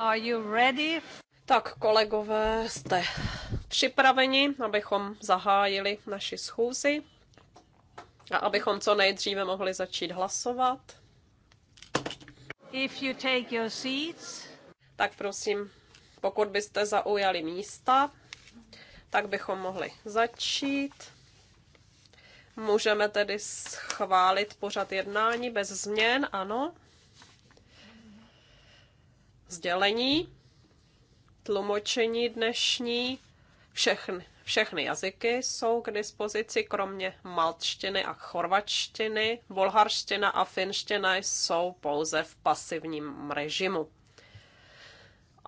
Are you ready? Tak kolegové, jste připraveni, abychom zahájili naši schůzi a abychom co nejdříve mohli začít hlasovat. If you take your seats. Tak prosím, pokud byste zaujali místa, tak bychom mohli začít. Můžeme tedy schválit pořad jednání bez změn, ano sdělení, tlumočení dnešní, všechny, všechny jazyky jsou k dispozici, kromě maltštiny a chorvačtiny. Bulharština a finština jsou pouze v pasivním režimu.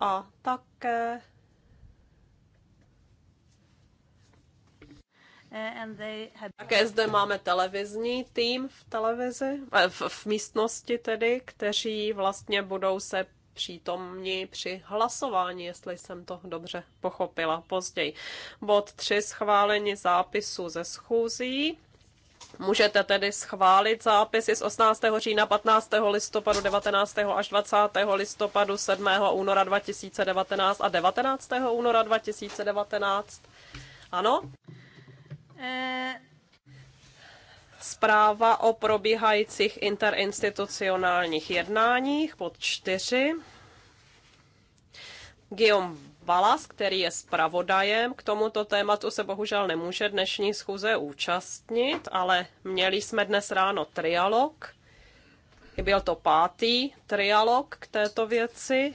A také Také zde máme televizní tým v televizi, eh, v, v místnosti tedy, kteří vlastně budou se přítomni při hlasování, jestli jsem to dobře pochopila později. Bod 3 schválení zápisu ze schůzí. Můžete tedy schválit zápisy z 18. října, 15. listopadu, 19. až 20. listopadu, 7. února 2019 a 19. února 2019. Ano? Eh... Zpráva o probíhajících interinstitucionálních jednáních pod čtyři. Guillaume Balas, který je zpravodajem, k tomuto tématu se bohužel nemůže dnešní schůze účastnit, ale měli jsme dnes ráno trialog. Byl to pátý trialog k této věci,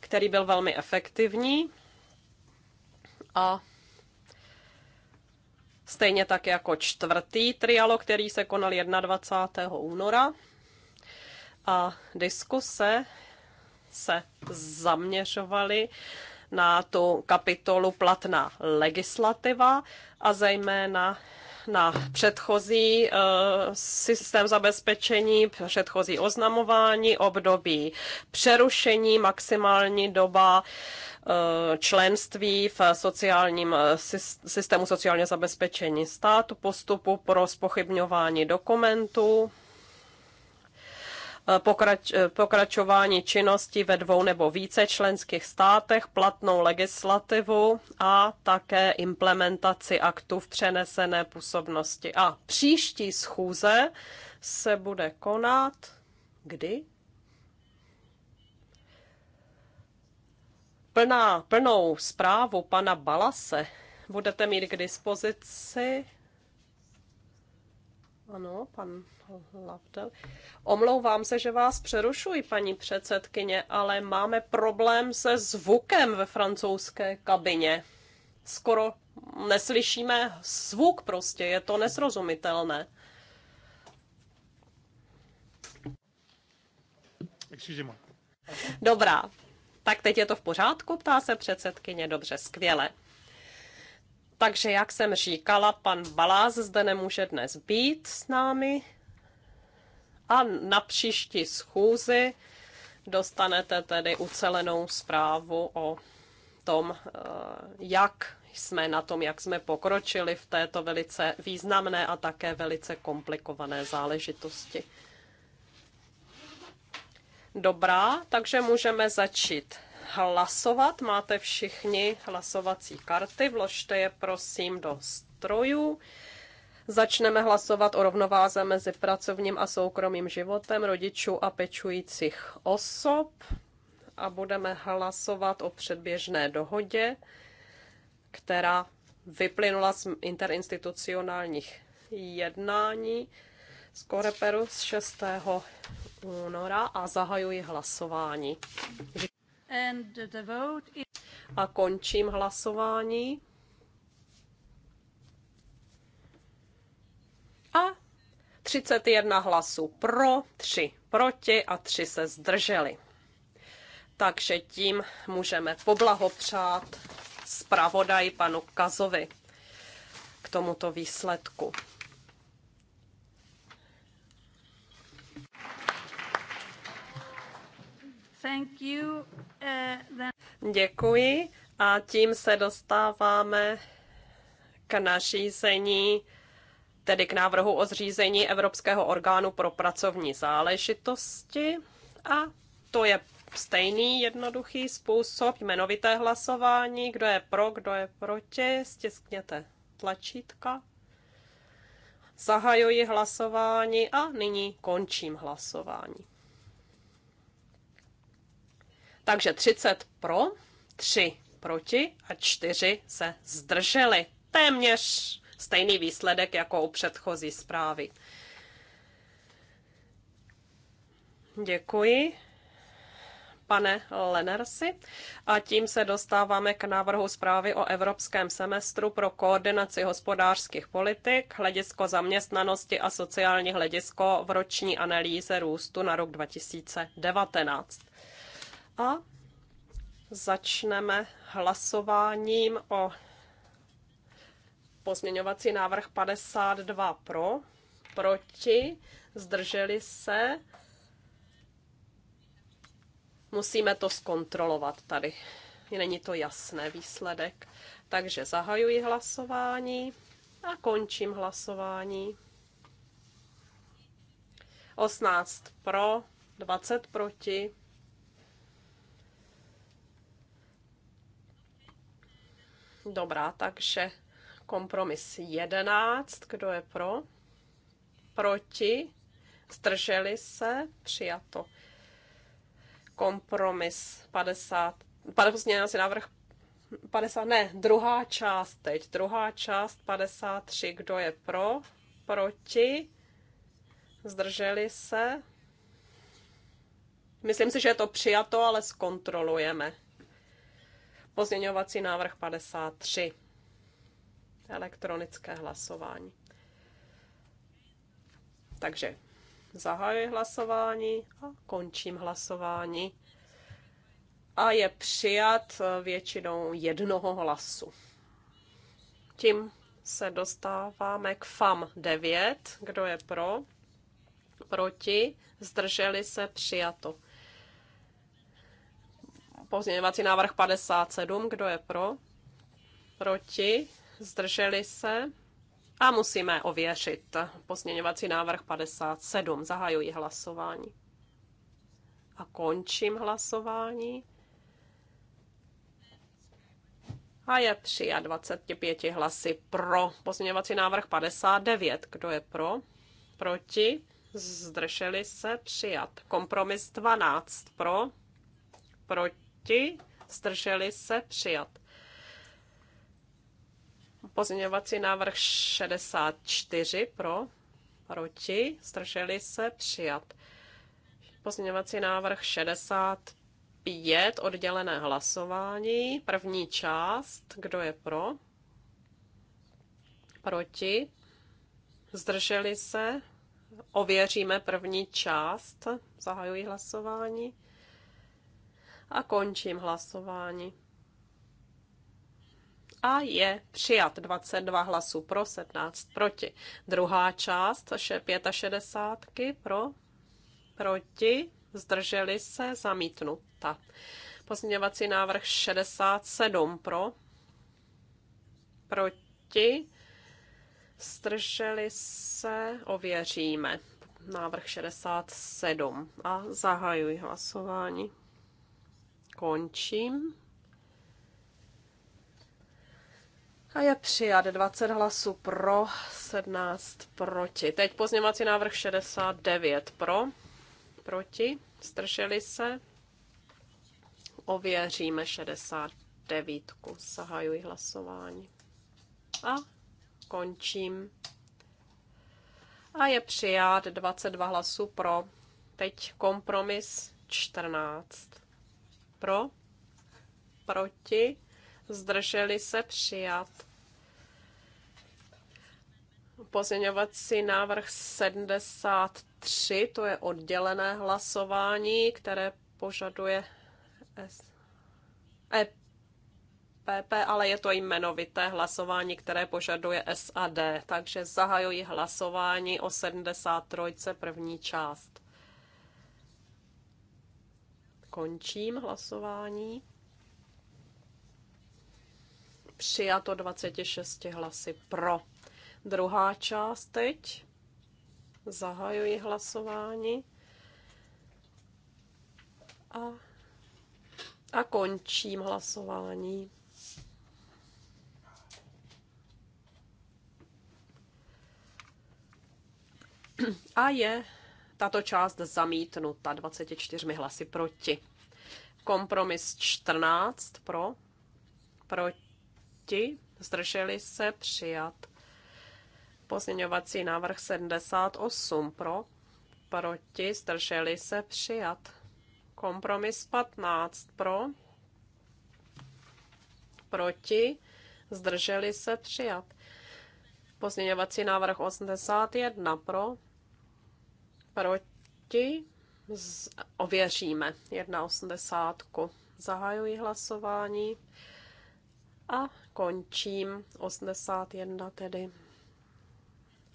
který byl velmi efektivní. A Stejně tak jako čtvrtý trialog, který se konal 21. února. A diskuse se zaměřovaly na tu kapitolu platná legislativa a zejména na předchozí eh, systém zabezpečení, předchozí oznamování, období přerušení, maximální doba Eh, členství v sociálním eh, systému sociálně zabezpečení státu, postupu pro spochybňování dokumentů, eh, pokrač, pokračování činnosti ve dvou nebo více členských státech, platnou legislativu a také implementaci aktů v přenesené působnosti. A příští schůze se bude konat kdy? plná, plnou zprávu pana Balase budete mít k dispozici. Ano, pan Lavdel. Omlouvám se, že vás přerušuji, paní předsedkyně, ale máme problém se zvukem ve francouzské kabině. Skoro neslyšíme zvuk prostě, je to nesrozumitelné. Dobrá, tak teď je to v pořádku, ptá se předsedkyně. Dobře, skvěle. Takže, jak jsem říkala, pan Balás zde nemůže dnes být s námi. A na příští schůzi dostanete tedy ucelenou zprávu o tom, eh, jak jsme na tom, jak jsme pokročili v této velice významné a také velice komplikované záležitosti. Dobrá, takže můžeme začít hlasovat. Máte všichni hlasovací karty, vložte je prosím do strojů. Začneme hlasovat o rovnováze mezi pracovním a soukromým životem rodičů a pečujících osob a budeme hlasovat o předběžné dohodě, která vyplynula z interinstitucionálních jednání z Koreperu z 6 února a zahajuji hlasování. A končím hlasování. A 31 hlasů pro, 3 proti a 3 se zdrželi. Takže tím můžeme poblahopřát zpravodaj panu Kazovi k tomuto výsledku. Uh, Děkuji a tím se dostáváme k nařízení, tedy k návrhu o zřízení Evropského orgánu pro pracovní záležitosti. A to je stejný jednoduchý způsob jmenovité hlasování. Kdo je pro, kdo je proti, stiskněte tlačítka. Zahajuji hlasování a nyní končím hlasování. Takže 30 pro, 3 proti a 4 se zdrželi. Téměř stejný výsledek jako u předchozí zprávy. Děkuji, pane Lenersi. A tím se dostáváme k návrhu zprávy o Evropském semestru pro koordinaci hospodářských politik, hledisko zaměstnanosti a sociální hledisko v roční analýze růstu na rok 2019. A začneme hlasováním o pozměňovací návrh 52 pro, proti, zdrželi se. Musíme to zkontrolovat tady. Není to jasné výsledek. Takže zahajuji hlasování a končím hlasování. 18 pro, 20 proti. Dobrá, takže kompromis 11. Kdo je pro? Proti? Zdrželi se? Přijato. Kompromis 50. Pozměňovací návrh 50, ne, druhá část teď, druhá část 53, kdo je pro, proti, zdrželi se. Myslím si, že je to přijato, ale zkontrolujeme. Pozměňovací návrh 53. Elektronické hlasování. Takže zahajuji hlasování a končím hlasování. A je přijat většinou jednoho hlasu. Tím se dostáváme k FAM 9. Kdo je pro? Proti? Zdrželi se? Přijato. Pozměňovací návrh 57, kdo je pro? Proti? Zdrželi se? A musíme ověřit pozměňovací návrh 57. Zahajuji hlasování. A končím hlasování. A je 25 hlasy pro. Pozměňovací návrh 59. Kdo je pro? Proti? Zdrželi se? Přijat. Kompromis 12 pro. Proti? proti, zdrželi se, přijat. Pozměňovací návrh 64 pro, proti, zdrželi se, přijat. Pozměňovací návrh 65, oddělené hlasování, první část, kdo je pro, proti, zdrželi se, ověříme první část, zahajuji hlasování. A končím hlasování. A je přijat 22 hlasů pro, 17 proti. Druhá část, 65 pro, proti, zdrželi se, zamítnuta. Pozměňovací návrh 67 pro, proti, zdrželi se, ověříme. Návrh 67 a zahajuji hlasování. Končím. A je přijat 20 hlasů pro, 17 proti. Teď pozněmací návrh 69 pro, proti, strželi se. Ověříme 69. Zahajuji hlasování. A končím. A je přijat 22 hlasů pro. Teď kompromis 14 pro, proti, zdrželi se přijat. Pozměňovací návrh 73, to je oddělené hlasování, které požaduje EPP, ale je to jmenovité hlasování, které požaduje SAD. Takže zahajuji hlasování o 73. první část. Končím hlasování. Přijato 26 hlasy pro. Druhá část teď. Zahajuji hlasování. A, a končím hlasování. A je tato část zamítnuta 24 hlasy proti. Kompromis 14 pro, proti, zdrželi se přijat. Pozměňovací návrh 78 pro, proti, zdrželi se přijat. Kompromis 15 pro, proti, zdrželi se přijat. Pozměňovací návrh 81 pro, proti, Z, ověříme 1,80. Zahajuji hlasování a končím 81 tedy.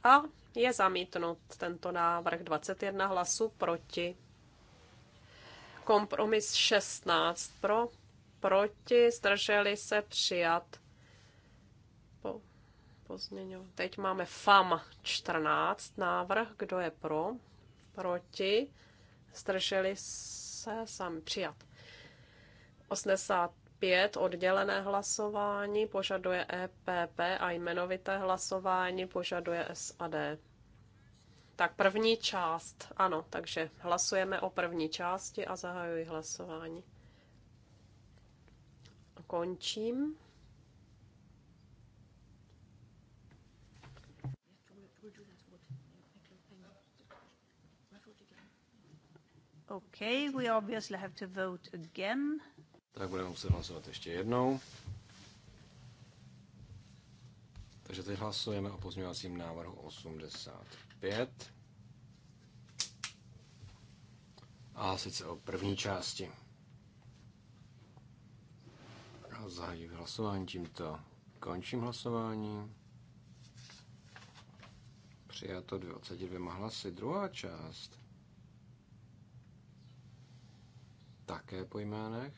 A je zamítnut tento návrh 21 hlasů proti. Kompromis 16 pro, proti, zdrželi se přijat. Po, Teď máme FAM 14 návrh, kdo je pro, proti, zdrželi se, sami přijat. 85 oddělené hlasování požaduje EPP a jmenovité hlasování požaduje SAD. Tak první část, ano, takže hlasujeme o první části a zahajuji hlasování. Končím. Okay, we obviously have to vote again. Tak budeme muset hlasovat ještě jednou. Takže teď hlasujeme o pozměňovacím návrhu 85. A sice o první části. Zahájím hlasování tímto. Končím hlasování. Přijato 22 hlasy. Druhá část. také po jménech.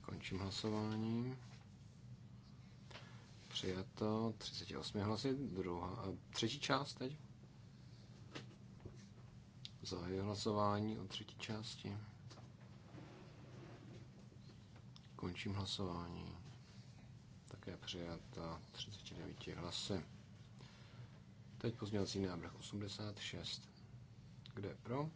Končím hlasování. Přijato 38 hlasy, druhá, eh, třetí část teď. Zahajuji hlasování o třetí části. Končím hlasování. Také přijata 39 hlasy. Teď pozměňovací návrh 86. Kdo je pro?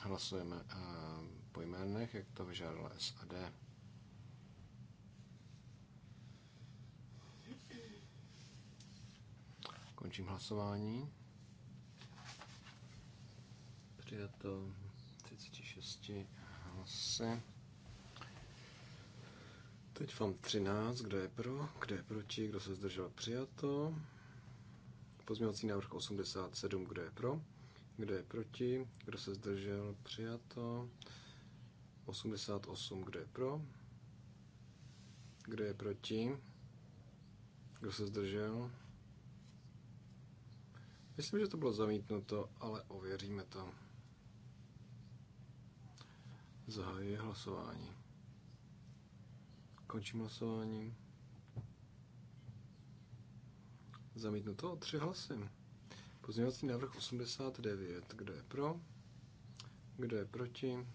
Hlasujeme eh, po jménech, jak to A SAD. Končím hlasování. Přijato 36 hlasy. Teď FAM 13, kdo je pro, kdo je proti, kdo se zdržel přijato. Pozměňovací návrh 87, kdo je pro, kdo je proti, kdo se zdržel přijato. 88, kdo je pro, kdo je proti, kdo se zdržel. Myslím, že to bylo zamítnuto, ale ověříme to. Zahajuji hlasování. Končím hlasování. Zamítnuto o tři hlasy. Pozměňovací návrh 89. Kdo je pro? Kdo je proti?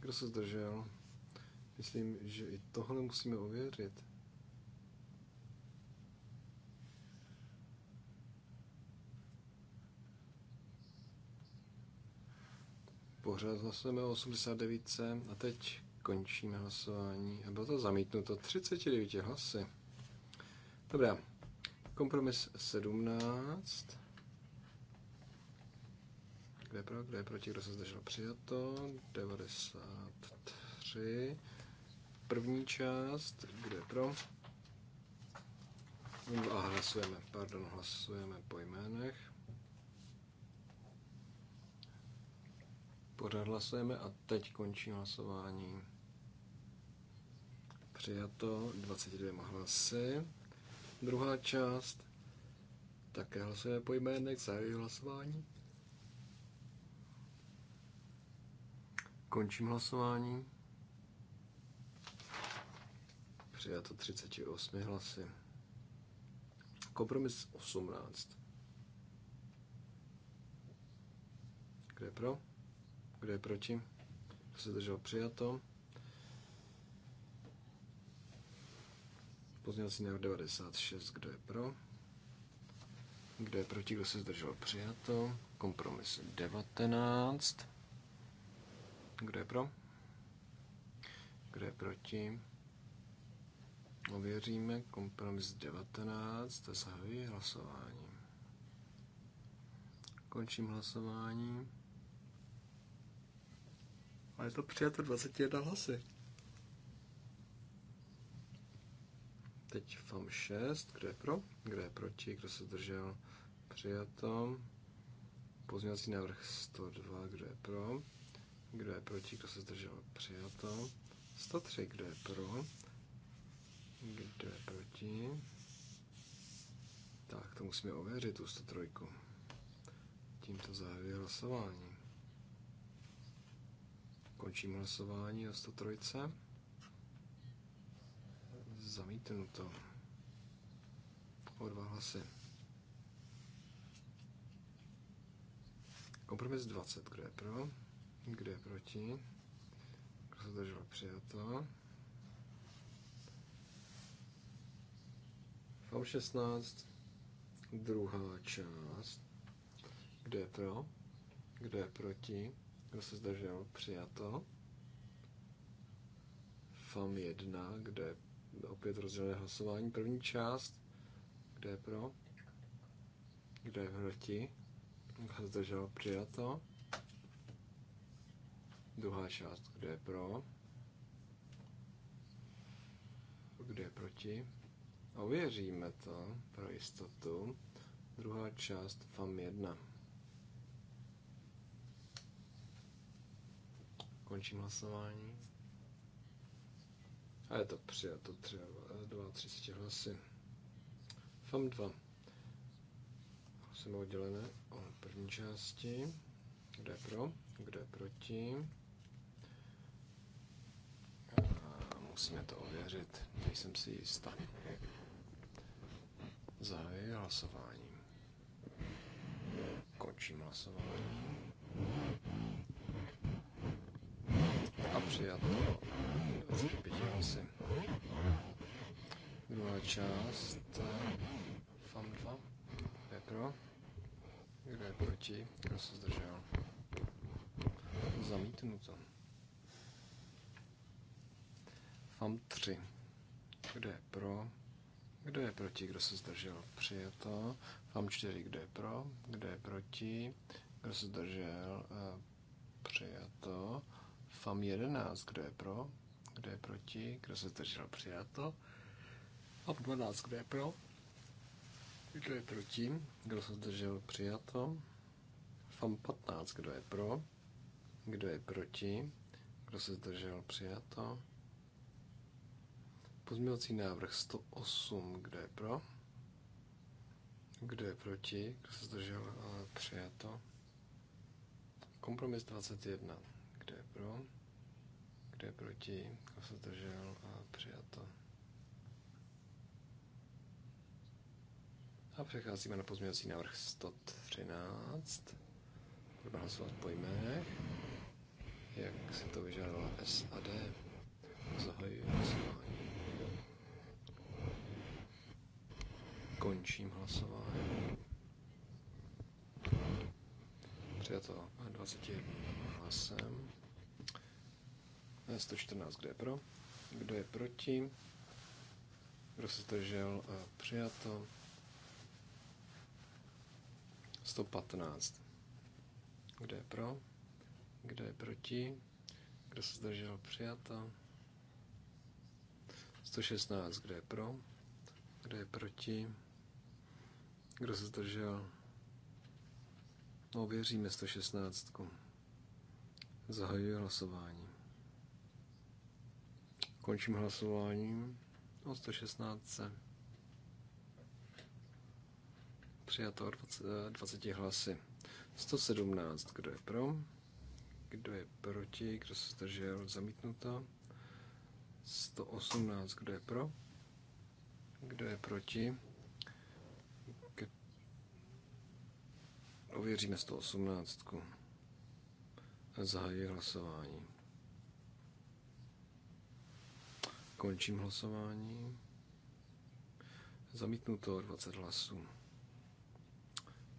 Kdo se zdržel? Myslím, že i tohle musíme ověřit. pořád hlasujeme o 89. A teď končíme hlasování. A bylo to zamítnuto 39 hlasy. Dobrá. Kompromis 17. Kde je pro, kde je proti, kdo se zdržel přijato? 93. První část, kde je pro? A hlasujeme, pardon, hlasujeme po jménech. Pořád hlasujeme a teď končí hlasování. Přijato 22 hlasy. Druhá část. Také hlasujeme po jménech, zahajuji hlasování. Končím hlasování. Přijato 38 hlasy. Kompromis 18. Kde pro? Kdo je proti? Kdo se držel Přijato. Pozměňovací návrh 96. Kdo je pro? Kdo je proti? Kdo se zdržel? Přijato. Kompromis 19. Kdo je pro? Kdo je proti? Ověříme kompromis 19. Zahajuji hlasování. Končím hlasování. A je to přijato 21 hlasy. Teď FAM 6, kdo je pro, kdo je proti, kdo se zdržel, přijato. Pozměňovací návrh 102, kdo je pro, kdo je proti, kdo se zdržel, přijato. 103, kdo je pro, kdo je proti. Tak, to musíme ověřit, tu 103. Tímto zahajuji hlasování. Končím hlasování o 103. Zamítnuto. O dva hlasy. Kompromis 20. Kdo je pro? Kdo je proti? Kdo se držel přijato? FAM 16. Druhá část. Kdo je pro? Kdo je proti? Kdo se zdržel? Přijato. FAM 1, kde je opět rozdělené hlasování. První část, kde je pro? kde je proti? Kdo se zdržel? Přijato. Druhá část, kde je pro? Kde je proti? Ověříme to pro jistotu. Druhá část FAM 1. Končím hlasování. A je to přijato dva tři 30 hlasy. FAM 2. Jsme oddělené o první části. Kdo je pro? Kdo je proti? A musíme to ověřit. Nejsem si jistá. Zahajuji hlasování. Končím hlasování přijat 25 hlasy. Druhá část. FAM 2. Kdo je pro? Kdo je proti? Kdo se zdržel? Zamítnuto. FAM 3. Kdo je pro? Kdo je proti? Kdo se zdržel? Přijato. FAM 4. Kdo je pro? Kdo je proti? Kdo se zdržel? Eh, přijato. FAM 11, kdo je pro, kdo je proti, kdo se zdržel přijato. FAM 12, kdo je pro, kdo je proti, kdo se zdržel přijato. FAM 15, kdo je pro, kdo je proti, kdo se zdržel přijato. Pozměňovací návrh 108, kdo je pro, kdo je proti, kdo se zdržel eh, přijato. Kompromis 21. Kdo je pro? Kdo je proti? Kdo se zdržel? A přijato. A přecházíme na pozměňovací návrh 113. Budeme hlasovat po jmech, jak si to vyžádala SAD. Zahajuji hlasování. Končím hlasování. Přijato 21 hlasem. 114, kdo je pro, kdo je proti, kdo se zdržel, přijato. 115, kdo je pro, kdo je proti, kdo se zdržel, přijato. 116, kdo je pro, kdo je proti, kdo se zdržel, No, věříme 116. Zahajuji hlasování. Končím hlasování o no, 116. Přijato 20, 20 eh, hlasy. 117. Kdo je pro? Kdo je proti? Kdo se zdržel? Zamítnuto. 118. Kdo je pro? Kdo je proti? K... Ověříme 118. Zahajuji hlasování. Končím hlasování. Zamítnuto 20 hlasů.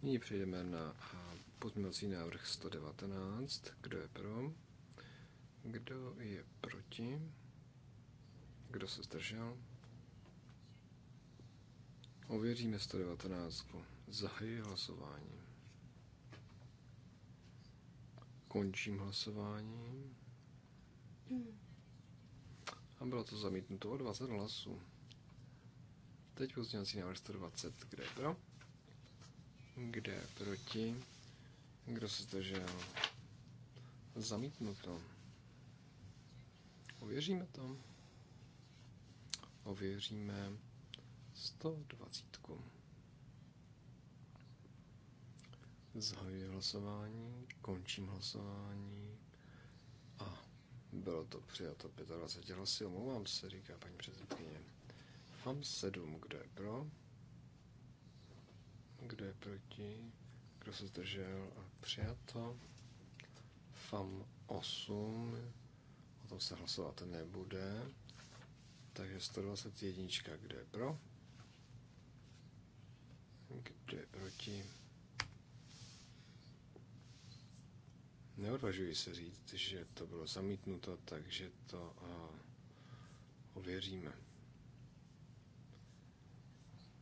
Nyní přejdeme na pozměňovací návrh 119. Kdo je pro? Kdo je proti? Kdo se zdržel? Ověříme 119. Zahajuji hlasování. Končím hlasování. Hmm. A bylo to zamítnuto o 20 hlasů. Teď pozdělací návrh 120. Kde je pro? Kde je proti? Kdo se zdržel? Zamítnuto. Ověříme to. Ověříme 120. Zahajuji hlasování, končím hlasování. Bylo to přijato 25 hlasy, omlouvám se, říká paní předsedkyně. FAM 7, kdo je pro? Kdo je proti? Kdo se zdržel? A přijato. FAM 8, o tom se hlasovat nebude. Takže 121, kdo je pro? Kdo je proti? Neodvažuji se říct, že to bylo zamítnuto, takže to eh, ověříme.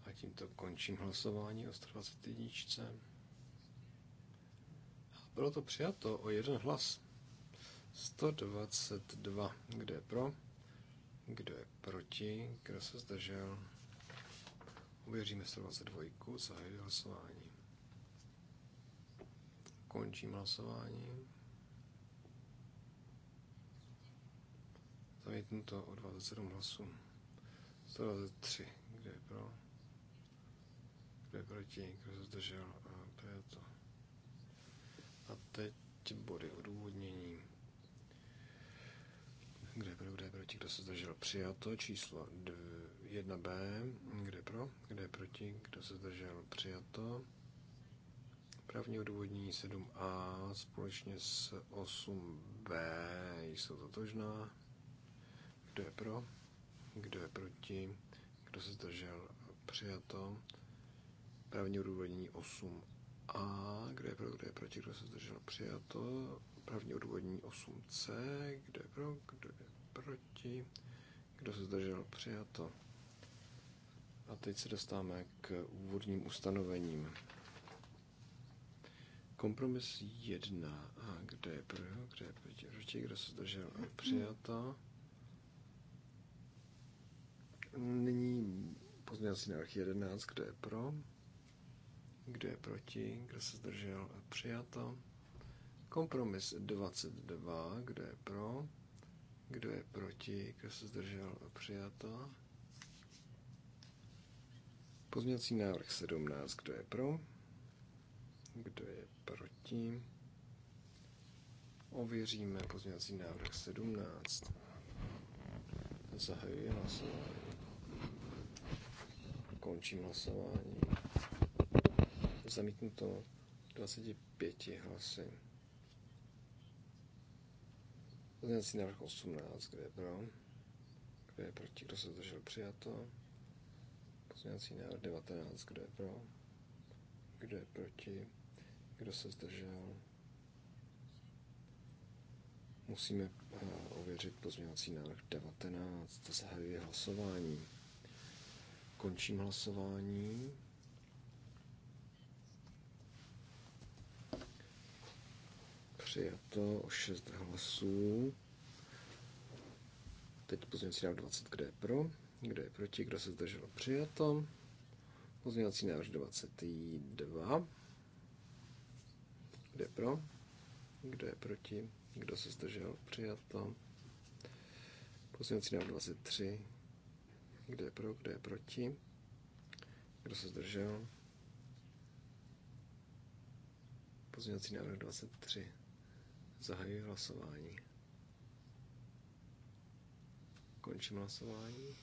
A tímto končím hlasování o 121. Bylo to přijato o jeden hlas. 122. Kdo je pro? Kdo je proti? Kdo se zdržel? Uvěříme 122. Zahajuji hlasování. Končím hlasování. to o 27 hlasů. 123. kde je pro? Kde je proti? Kdo se zdržel? A to je to. A teď body odůvodnění. Kde je pro, kde je proti, kdo se zdržel? Přijato. Číslo 1b. Kde je pro, kde je proti, kdo se zdržel? Přijato. Právní odůvodnění 7a společně s 8b jsou totožná. Kdo je pro? Kdo je proti? Kdo se zdržel? Přijato. Právní odůvodnění 8a. Kdo je pro? Kdo je proti? Kdo se zdržel? Přijato. Právní odůvodnění 8c. Kdo je pro? Kdo je proti? Kdo se zdržel? Přijato. A teď se dostáváme k úvodním ustanovením. Kompromis 1. A kdo je pro, kdo je proti, kdo se zdržel a přijato. Nyní pozměňovací návrh 11. Kdo je pro, kdo je proti, kdo se zdržel a přijato. Kompromis 22. Kdo je pro, kdo je proti, kdo se zdržel a přijato. Pozměňovací návrh 17. Kdo je pro? kdo je proti. Ověříme pozměňovací návrh 17. Zahajuji hlasování. Končím hlasování. Zamítnuto 25 hlasy. Pozměňovací návrh 18, kde je pro? Kdo je proti? Kdo se zdržel? Přijato. Pozměňovací návrh 19, kdo je pro? Kdo je proti? Kdo se zdržel? Musíme eh, ověřit pozměňovací návrh 19. Zahajuji hlasování. Končím hlasování. Přijato o 6 hlasů. Teď pozměňovací návrh 20, kde je pro, kde je proti, kdo se zdržel přijato. Pozměňovací návrh 22. Kdo je pro? Kdo je proti? Kdo se zdržel? Přijato. Pozměňovací návrh 23. Kdo je pro? Kdo je proti? Kdo se zdržel? Pozměňovací návrh 23. Zahajuji hlasování. Končím hlasování.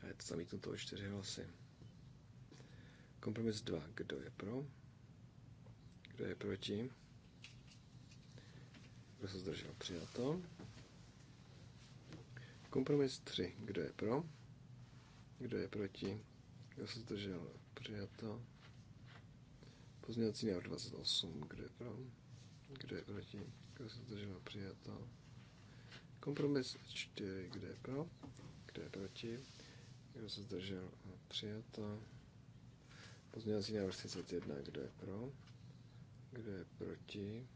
A je to zamítnuto o čtyři hlasy. Kompromis 2. Kdo je pro? Kdo je proti? Kdo se zdržel? Přijato. Kompromis 3. Kdo je pro? Kdo je proti? Kdo se zdržel? Přijato. Pozměňovací návrh 28. Kdo je pro? Kdo je proti? Kdo se zdržel? Přijato. Kompromis 4. Kdo je pro? Kdo je proti? Kdo se zdržel? Přijato. Pozměňovací návrh 31. Kdo je pro? Kdo je proti?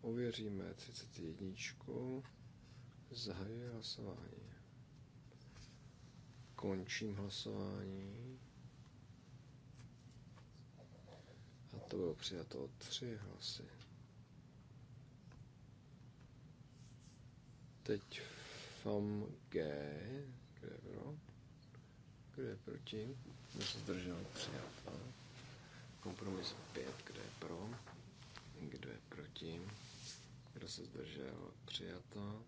Ověříme 31. Zahajuji hlasování. Končím hlasování. A to bylo přijato o tři hlasy. Teď FAM G. Kde je pro? Kde je proti? Kdo se zdržel? Přijato. Kompromis 5, kdo je pro, kdo je proti, kdo se zdržel, přijato.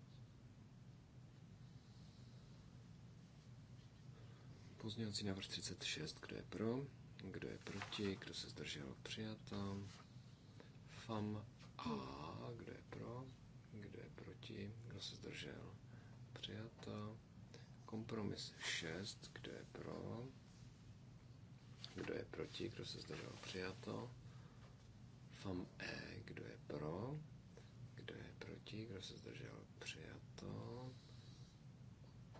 Pozměňovací návrh 36, kdo je pro, kdo je proti, kdo se zdržel, přijato. FAM A, kdo je pro, kdo je proti, kdo se zdržel, přijato. Kompromis 6, kdo je pro, kdo je proti? Kdo se zdržel? Přijato. FAM E. Kdo je pro? Kdo je proti? Kdo se zdržel? Přijato.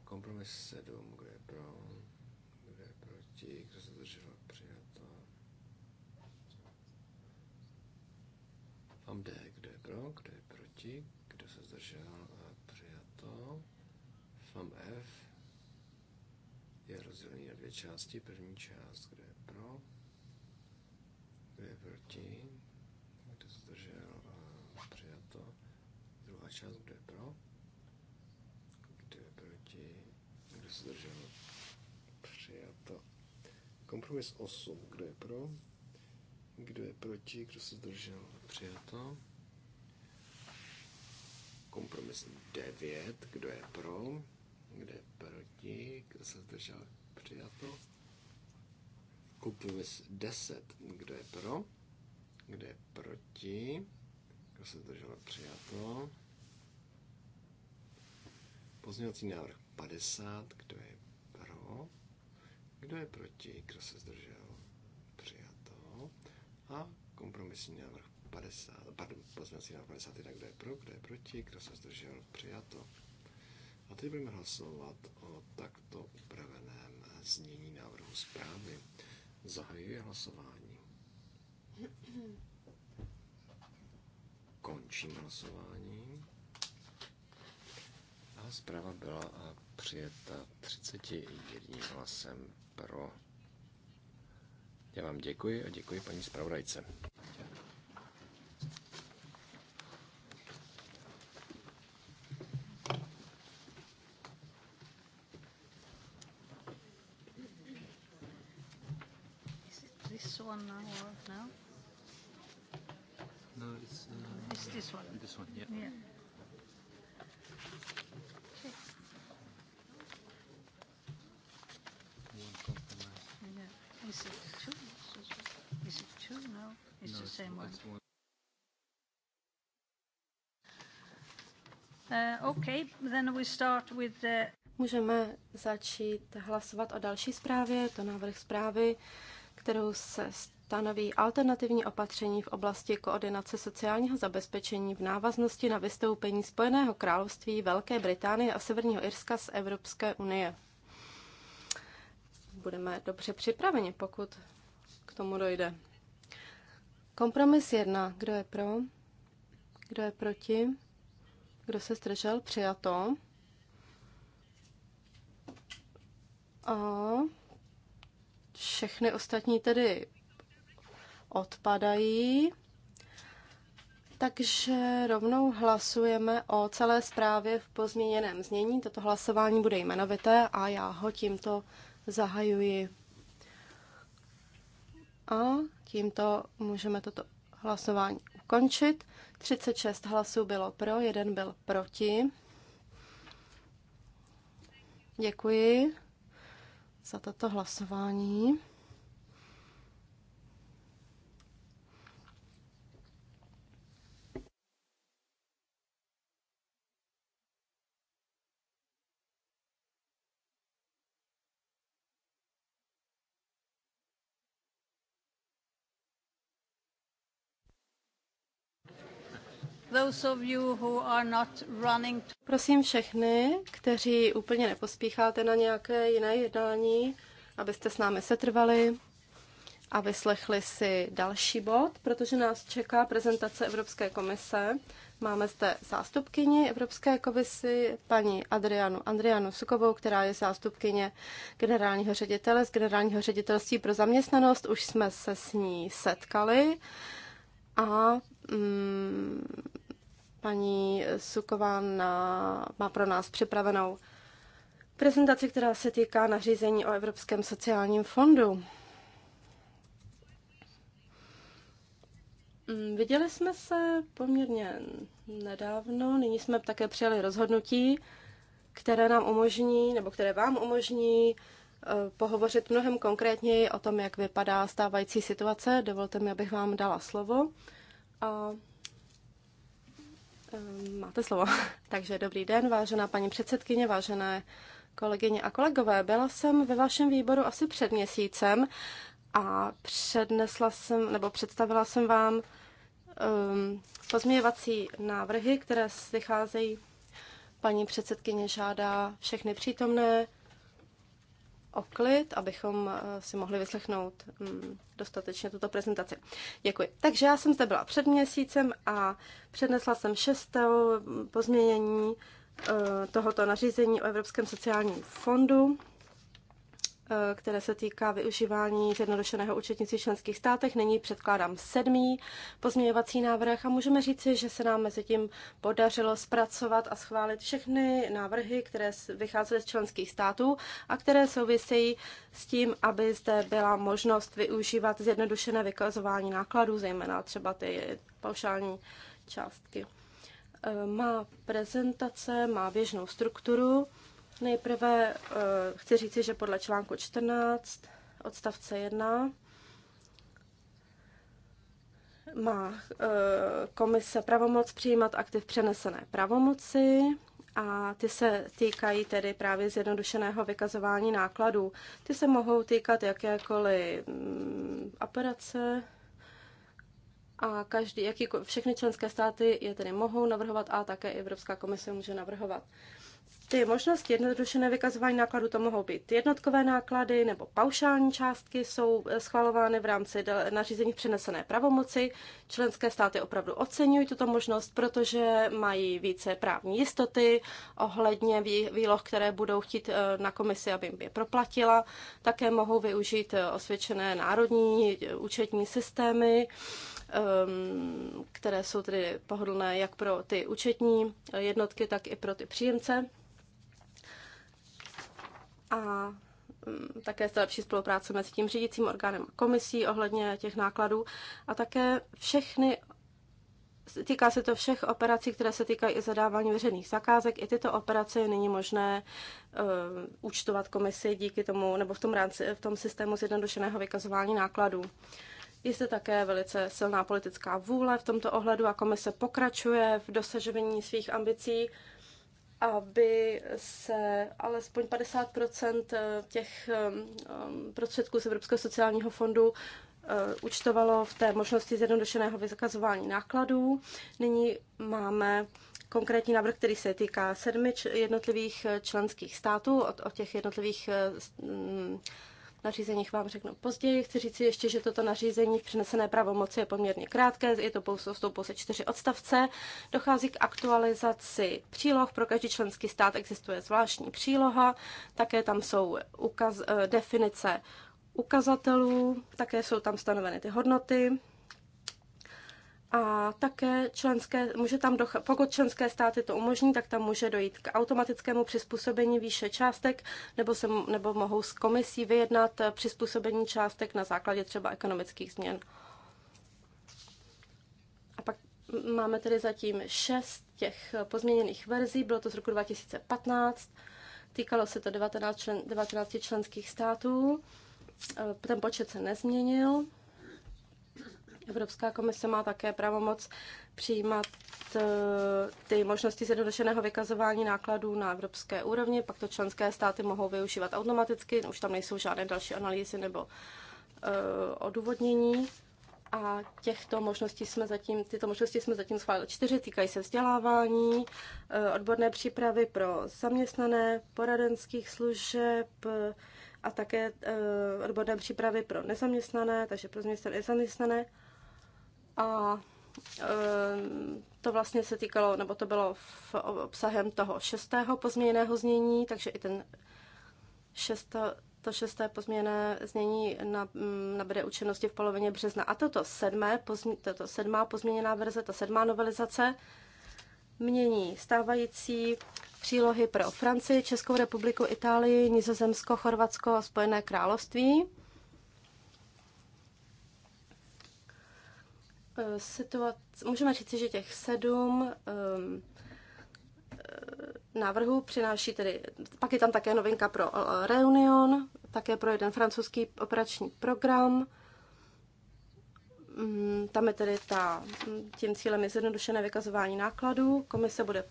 Kompromis 7. Kdo je pro? Kdo je proti? Kdo se zdržel? Přijato. FAM D. Kdo je pro? Kdo je proti? Kdo se zdržel? Přijato. FAM F je rozdělený na dvě části. První část, kde je pro, kde je proti, kde se zdržel a přijato. Druhá část, kde je pro, kde je proti, kde se zdržel přijato. Kompromis 8, kdo je pro, kdo je proti, kdo se zdržel přijato. Kompromis 9, kdo je pro, kde je proti, kdo se zdržel, přijato. Kompromis 10, kdo je pro, kde je proti, kdo se zdržel, přijato. Pozměňovací návrh 50, kdo je pro, kdo je proti, kdo se zdržel, přijato. A kompromisní návrh 50, pardon, pozměňovací návrh 51, kdo je pro, kdo je proti, kdo se zdržel, přijato. A teď budeme hlasovat o takto upraveném znění návrhu zprávy. Zahajuji hlasování. Končím hlasování. A zpráva byla přijeta 31 hlasem pro. Já vám děkuji a děkuji paní zpravodajce. uh, it's this one. This one, yeah. yeah. Is it two? Is it two? No, it's no, the same It's one. Uh, okay, then we start with the... Můžeme začít hlasovat o další zprávě, je to návrh zprávy kterou se stanoví alternativní opatření v oblasti koordinace sociálního zabezpečení v návaznosti na vystoupení Spojeného království Velké Británie a Severního Irska z Evropské unie. Budeme dobře připraveni, pokud k tomu dojde. Kompromis 1. Kdo je pro? Kdo je proti? Kdo se zdržel? Přijato. A všechny ostatní tedy odpadají. Takže rovnou hlasujeme o celé zprávě v pozměněném znění. Toto hlasování bude jmenovité a já ho tímto zahajuji. A tímto můžeme toto hlasování ukončit. 36 hlasů bylo pro, jeden byl proti. Děkuji za toto hlasování. Prosím všechny, kteří úplně nepospícháte na nějaké jiné jednání, abyste s námi setrvali a vyslechli si další bod, protože nás čeká prezentace Evropské komise. Máme zde zástupkyni Evropské komisy, paní Adrianu Andrianu Sukovou, která je zástupkyně generálního ředitele z generálního ředitelství pro zaměstnanost. Už jsme se s ní setkali a mm, paní Suková na, má pro nás připravenou prezentaci, která se týká nařízení o Evropském sociálním fondu. Mm, viděli jsme se poměrně nedávno, nyní jsme také přijali rozhodnutí, které nám umožní, nebo které vám umožní eh, pohovořit mnohem konkrétněji o tom, jak vypadá stávající situace. Dovolte mi, abych vám dala slovo. A Eh, máte slovo. Takže dobrý den, vážená paní předsedkyně, vážené kolegyně a kolegové. Byla jsem ve vašem výboru asi před měsícem a přednesla jsem, nebo představila jsem vám um, pozměňovací návrhy, které vycházejí. Paní předsedkyně žádá všechny přítomné o klid, abychom eh, si mohli vyslechnout mm, dostatečně tuto prezentaci. Děkuji. Takže já jsem zde byla před měsícem a přednesla jsem šesté mm, pozměnění eh, tohoto nařízení o Evropském sociálním fondu. Eh, které se týká využívání zjednodušeného účetnictví v členských státech. Nyní předkládám sedmý pozměňovací návrh a můžeme říci, že se nám mezi tím podařilo zpracovat a schválit všechny návrhy, které vycházely z členských států a které souvisejí s tím, aby zde byla možnost využívat zjednodušené vykazování nákladů, zejména třeba ty paušální částky. Eh, má prezentace má běžnou strukturu Nejprve eh, chci říci, že podle článku 14 odstavce 1 má eh, komise pravomoc přijímat aktiv přenesené pravomoci a ty se týkají tedy právě zjednodušeného vykazování nákladů. Ty se mohou týkat jakékoliv mm, operace a každý, jaký, všechny členské státy je tedy mohou navrhovat a také Evropská komise může navrhovat ty možnosti jednodušené vykazování nákladů to mohou být jednotkové náklady nebo paušální částky jsou eh, schvalovány v rámci nařízení přenesené pravomoci. Členské státy opravdu oceňují tuto možnost, protože mají více právní jistoty ohledně výloh, které budou chtít eh, na komisi, aby jim je proplatila. Také mohou využít eh, osvědčené národní účetní systémy, ehm, které jsou tedy pohodlné jak pro ty účetní jednotky, tak i pro ty příjemce a mm, také zde lepší spolupráce mezi tím řídícím orgánem a komisí ohledně těch nákladů a také všechny Týká se to všech operací, které se týkají i zadávání veřejných zakázek. I tyto operace je nyní možné uh, účtovat komisi díky tomu, nebo v tom, rámci, v tom systému zjednodušeného vykazování nákladů. Je zde také velice silná politická vůle v tomto ohledu a komise pokračuje v dosažení svých ambicí aby se alespoň 50 eh, těch eh, eh, prostředků z Evropského sociálního fondu účtovalo v té možnosti zjednodušeného vykazování nákladů. Nyní máme konkrétní návrh, který se týká sedmi jednotlivých členských států, o, o těch jednotlivých mm, nařízeních vám řeknu později. Chci říct si ještě, že toto nařízení v přenesené pravomoci je poměrně krátké, je to pouze, jsou pouze čtyři odstavce. Dochází k aktualizaci příloh, pro každý členský stát existuje zvláštní příloha, také tam jsou ukaz, eh, definice ukazatelů, také jsou tam stanoveny ty hodnoty a také členské, může tam doch- pokud členské státy to umožní, tak tam může dojít k automatickému přizpůsobení výše částek, nebo, se, nebo mohou s komisí vyjednat eh, přizpůsobení částek na základě třeba ekonomických změn. A pak máme tedy zatím šest těch eh, pozměněných verzí, bylo to z roku 2015, týkalo se to 19, člen, 19 členských států, eh, ten počet se nezměnil. Evropská komise má také pravomoc přijímat eh, ty možnosti zjednodušeného vykazování nákladů na evropské úrovni, pak to členské státy mohou využívat automaticky, už tam nejsou žádné další analýzy nebo uh, odůvodnění. A těchto možností jsme zatím, tyto možnosti jsme zatím schválili čtyři, týkají se vzdělávání, uh, odborné přípravy pro zaměstnané, poradenských služeb, a také odborné přípravy pro nezaměstnané, takže pro zaměstnané, a eh, to vlastně se týkalo, nebo to bylo v obsahem toho šestého pozměněného znění, takže i ten šesto, to šesté pozměněné znění mm, nabere účinnosti v polovině března. A toto, sedmé, pozmě, toto sedmá pozměněná verze, ta sedmá novelizace, mění stávající přílohy pro Francii, Českou republiku, Itálii, Nizozemsko, Chorvatsko a Spojené království. Eh, situace, můžeme říct, že těch sedm um, návrhů přináší tedy, pak je tam také novinka pro Reunion, také pro jeden francouzský operační program. Mm, tam je tedy ta, mm, tím cílem je zjednodušené vykazování nákladů. Komise bude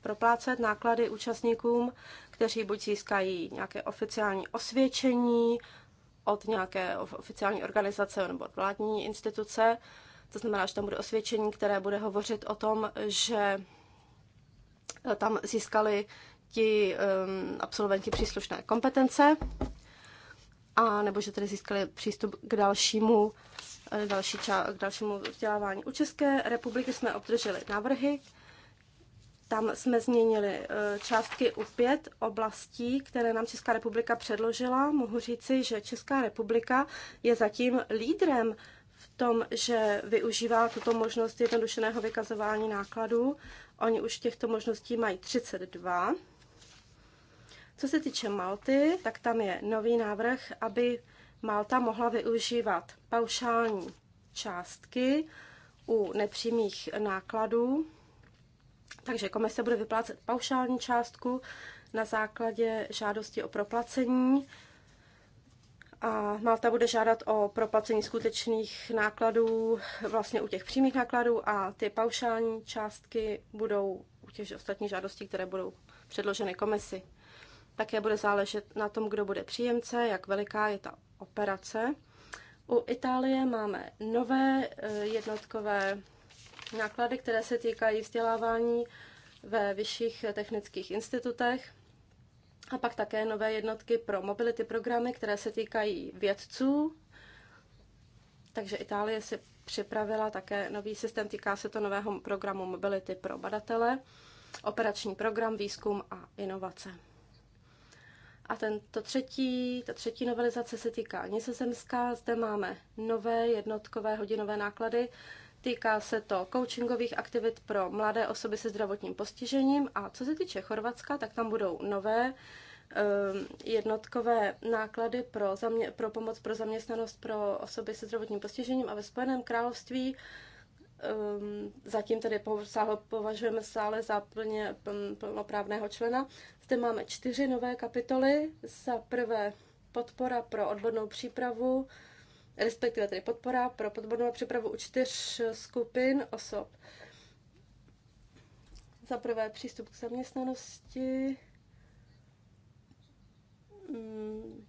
proplácet náklady účastníkům, kteří buď získají nějaké oficiální osvědčení od nějaké oficiální organizace nebo od vládní instituce, to znamená, že tam bude osvědčení, které bude hovořit o tom, že eh, tam získali ti um, absolventi příslušné kompetence a nebo že tedy získali přístup k dalšímu, eh, další ča, k dalšímu vzdělávání. U České republiky jsme obdrželi návrhy, tam jsme změnili eh, částky u pět oblastí, které nám Česká republika předložila. Mohu říci, že Česká republika je zatím lídrem tom, že využívá tuto možnost jednodušeného vykazování nákladů. Oni už těchto možností mají 32. Co se týče Malty, tak tam je nový návrh, aby Malta mohla využívat paušální částky u nepřímých nákladů. Takže komise bude vyplácet paušální částku na základě žádosti o proplacení a Malta bude žádat o proplacení skutečných nákladů, vlastně u těch přímých nákladů a ty paušální částky budou u těch ostatních žádostí, které budou předloženy komisi. Také bude záležet na tom, kdo bude příjemce, jak veliká je ta operace. U Itálie máme nové eh, jednotkové náklady, které se týkají vzdělávání ve vyšších technických institutech. A pak také nové jednotky pro mobility programy, které se týkají vědců. Takže Itálie si připravila také nový systém, týká se to nového programu mobility pro badatele, operační program výzkum a inovace. A tento třetí, ta třetí novelizace se týká Nizozemská. Zde máme nové jednotkové hodinové náklady, Týká se to coachingových aktivit pro mladé osoby se zdravotním postižením a co se týče Chorvatska, tak tam budou nové ehm, jednotkové náklady pro, zamě- pro pomoc pro zaměstnanost pro osoby se zdravotním postižením a ve Spojeném království um, zatím tedy považujeme stále za plně plnoprávného člena. Zde máme čtyři nové kapitoly. Za prvé podpora pro odbornou přípravu, respektive tedy podpora pro podbornou přípravu u čtyř skupin osob. Za prvé přístup k zaměstnanosti, hmm.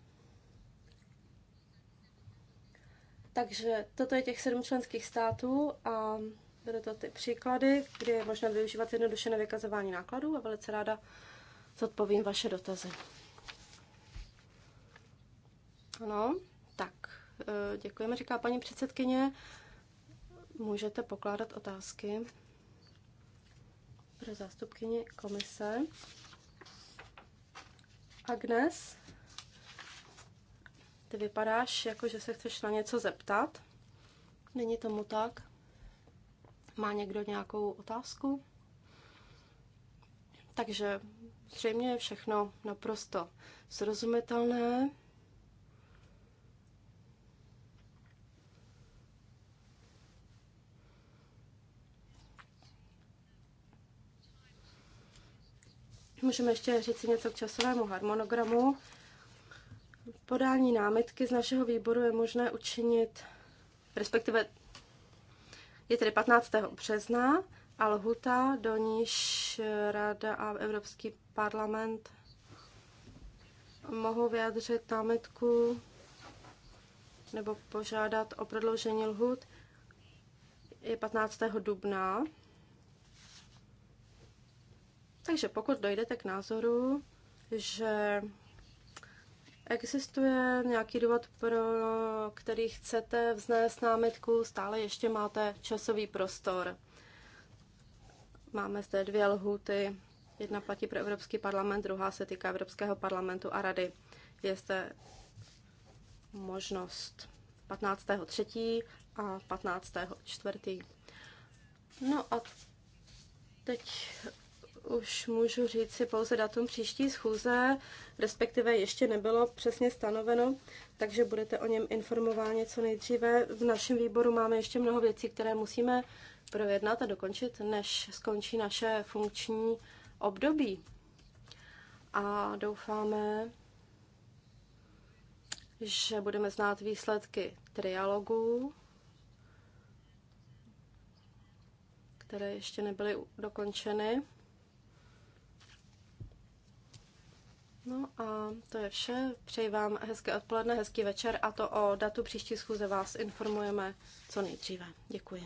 takže toto je těch sedm členských států a byly to ty příklady, kde je možné využívat na vykazování nákladů a velice ráda zodpovím vaše dotazy. Ano. Eh, děkujeme, říká paní předsedkyně. Můžete pokládat otázky pro zástupkyni komise. Agnes, ty vypadáš jako, že se chceš na něco zeptat. Není tomu tak? Má někdo nějakou otázku? Takže zřejmě je všechno naprosto srozumitelné. Můžeme ještě říct něco k časovému harmonogramu. Podání námitky z našeho výboru je možné učinit, respektive je tedy 15. března a lhuta, do níž Rada a Evropský parlament mohou vyjádřit námitku nebo požádat o prodloužení lhut je 15. dubna takže pokud dojdete k názoru, že existuje nějaký důvod, pro který chcete vznést námitku, stále ještě máte časový prostor. Máme zde dvě lhuty. Jedna platí pro Evropský parlament, druhá se týká Evropského parlamentu a rady. Je zde možnost 15.3. a 15.4. No a teď už můžu říct si pouze datum příští schůze, respektive ještě nebylo přesně stanoveno, takže budete o něm informováni co nejdříve. V našem výboru máme ještě mnoho věcí, které musíme projednat a dokončit, než skončí naše funkční období. A doufáme, že budeme znát výsledky trialogů, které ještě nebyly dokončeny. No a to je vše. Přeji vám hezké odpoledne, hezký večer a to o datu příští schůze vás informujeme co nejdříve. Děkuji.